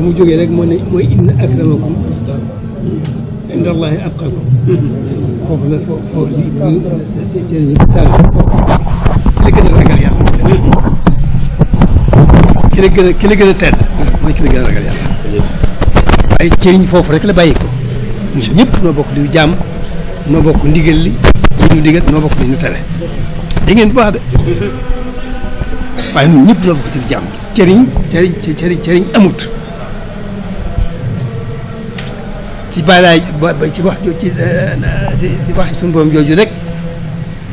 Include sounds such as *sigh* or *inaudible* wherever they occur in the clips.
fa mu jógee rek moo ne mooy inna akramakum inda allahi atqakum foofu la foofu la foofu rek la bàyyi ko bokk di noo bokk ndigal li li ñu digal noo bokk li ñu tere da ngeen ñëpp noo bokk di jàmm cëriñ cëriñ amut ci baalaay ci wax ci eh, eh, ci wax jooju rek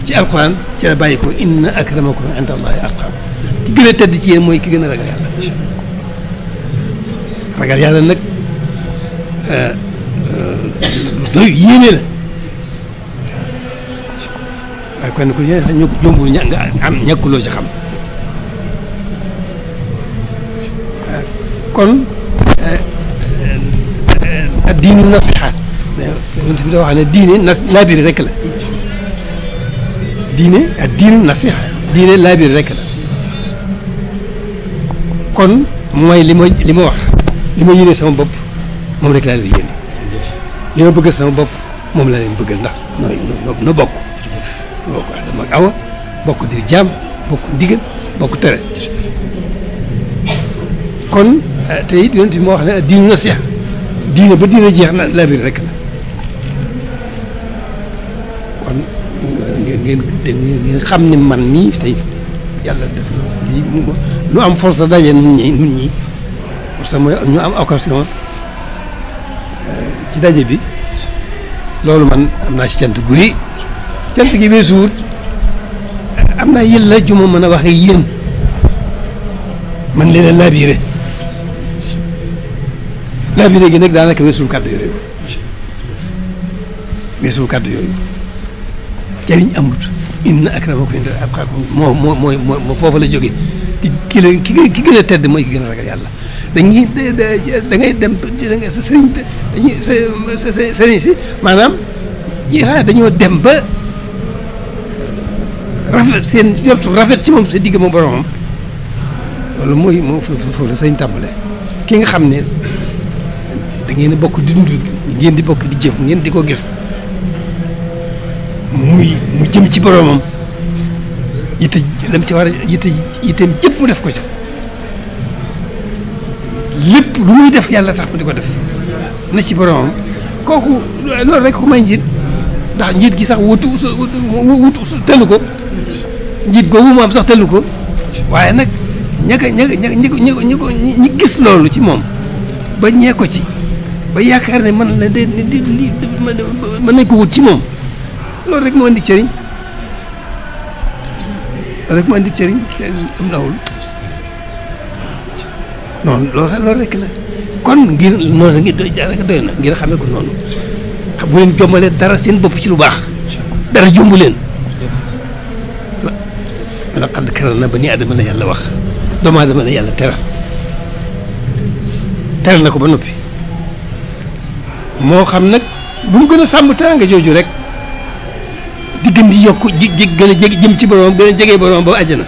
ci alquran ci la bàyyi ko inna akramakum inda allahi atqaakum ki gën a ci yéen mooy ki gën a ragal yàlla ragal yàlla doy eh, yéene la waaye kon ku jombul ña nga am xam diinu nasiha bi dafa ne diine nas laabiri rek la diine ak diinu nasiha diine laabiri rek la kon mooy li ma li ma wax li ma yéene sama bopp moom rek laa leen yéene li ma bëggal sama bopp moom la leen bëggal ndax nooy no bokk no bokk Adama ak Awa bokk di jaam bokk ndigal bokk tere kon eh, te it yonent wax ne diinu nasiha diine ba diine jeex na laabire rek la kon ngeen ngeen xam ni man mii tey yàlla def na lii lu am force la daje nun ñi nun ñi parce que mooy am occasion euh, ci daje bi loolu man am naa ci cant guri cant gi weesu wut am naa yëlla ju ma mën a wax ak yéen man leen laabire laabiré gi nag daanaka weesul kàddu yooyu weesul kàddu yooyu jariñ amut inna akramakum inda atqaakum moo moo mooy moo foofu la jógee ki ki la ki ki gën a tedd mooy ki gën a ragal yàlla dañuy da ngay dem sa sëriñ dañuy sa sëriñ si maanaam ñi dañoo dem ba rafet seen jortu rafet ci moom sa digg moom boromam loolu mooy moo foofu la tàmbalee ki nga xam ne da ngeen di bokk di dund ngeen di bokk di jëf ngeen di ko gis muy mu jëm ci boroomam yitte lam ci war a yitte yitteem jëpp mu def ko ci lépp lu muy def yàlla tax mu di ko def na ci boroomam kooku loolu rek ku may njiit ndax njiit gi sax wutu wutu tëllu ko njiit googu mu am sax tëllu ko waaye nag ña ko ña ko ña ko ñi gis loolu ci moom ba ñee ko ci ba yaakaar ne man la de di li mën nañ ko wut ci moom loolu rek moo indi cëriñ loolu rek moo indi cëriñ am lawul noonu loolu loolu rek la kon ngir noonu ngi doy jaaraka doy na ngir xamee ko noonu xam bu leen jombalee dara seen bopp ci lu baax dara jomb leen laqad karramnaa banii aadama la yàlla wax doomu aadama la yàlla teral teral na ko ba noppi moo xam nag bu mu gën a sàmm teraanga jooju rek di gën di yokk di gën a jég jëm ci borom gën a jege borom ba àjjana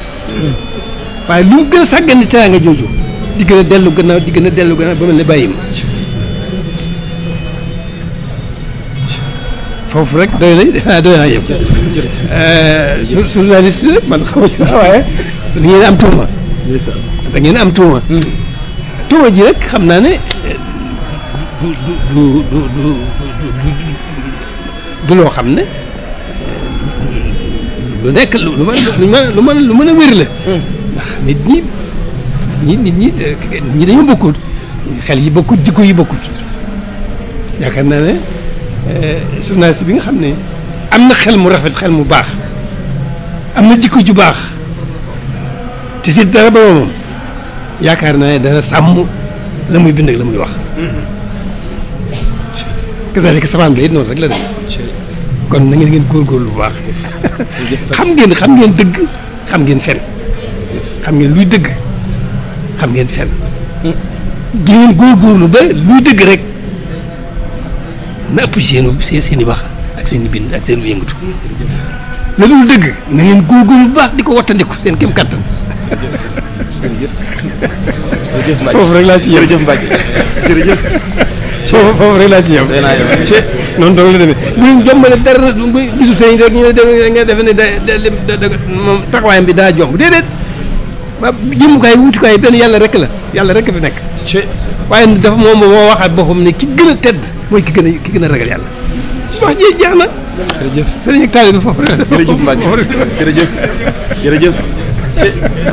waaye lu mu gën a sàggan di teraanga jooju di gën a dellu gannaaw di gën a dellu gannaaw ba mel ne bàyyi ma foofu rek doy nañ ah doy naa yëpp journaliste euh, man xaw ci sax waaye da ngeen am tuuma da am tuuma hmm. tuuma ji rek xam naa ne du du du du du loo xam ne lu nekk lu mën lu mën lu mën a wér la. ndax nit ñi nit ñi nit ñi dañoo bokkut xel yi bokkut jikko yi bokkut yaakaar naa ne eh, journaliste bi nga xam ne am na xel mu rafet xel mu baax am na jikko ju baax te si dara ba moom yaakaar naa ne dana sàmm la muy bind ak la muy wax. kasaalika safaan ba it noonu rek la dem kon na ngeen góor góorgóorlu bu baax *laughs* xam ngeen xam ngeen dëgg xam ngeen fen xam ngeen luy dëgg xam ngeen fen di ngeen góorgóorlu ba luy dëgg rek na ëpp seen seen seen i wax ak seen i bind ak seen i yëngatu la dul dëgg na góor góorgóorlu bu baax di ko wattandiku seen kéem kattan *laughs* foofu rek laa ci foofu foofu rek laa ci yow. noonu doon la demee ñun jomb na dara gisu sëñ rek ñu ne nga defe ne da da moom taxawaayam bi daa jomb déedéet ba jëmukaay wutukaay rek la yalla rek fi nekk. waaye dafa moom moo waxaat boppam ne ki gën a tedd mooy ki gën a ki gën a ragal yàlla. wax na. jërëjëf sëriñ ak taalibe foofu rek. jërëjëf Mbacke jërëjëf jërëjëf.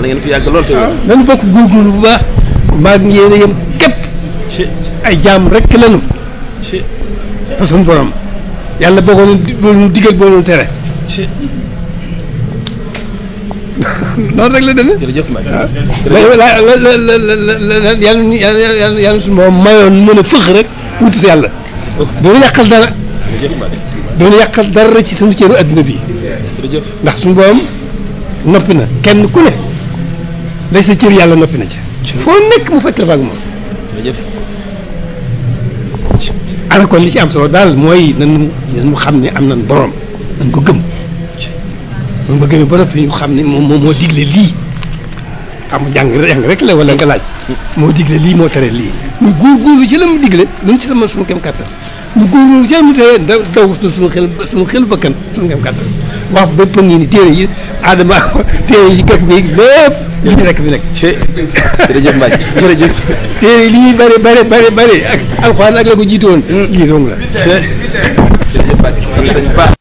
na ngeen fi yàgg lool te nañu bokk góorgóorlu bu baax. a yem képp. ay jaam rek lañu fa borom yàlla boo ko nu digal boo nu tere rek la demee. jërëjëf ma yàlla yàlla suñu mayoon mën a fëx rek wuti yàlla. doonu yàqal dara. doonu yàqal dara ci suñu cëru adduna bi. ndax suñu borom noppi na kenn ku ne lay sa cër yàlla noppi na ca. foo nekk mu fekk la kon li ci am solo daal mooy nan nañu xam ne am nañ borom nañ ko gëm nañ ko gëmee ba noppi ñu xam ne moom moo digle lii xam jàng jàng rek la wala nga laaj. moo digle lii moo tere lii ñu góorgóorlu ci la mu digle lu mu ci sama suñu kem kàttan ñu góorgóorlu ci la tere da daw suñu xel suñu xel bakkan suñu kem kàttan wax bépp ngi ni téere yi aadama *laughs* téere yi gag bi lépp li ñu rekk fi nekk jërëjëf Mbacke jërëjëf téere yi li ñuy bëri bëri bëri bëri ak alxuraan la ko jiitoon mm. lii dong la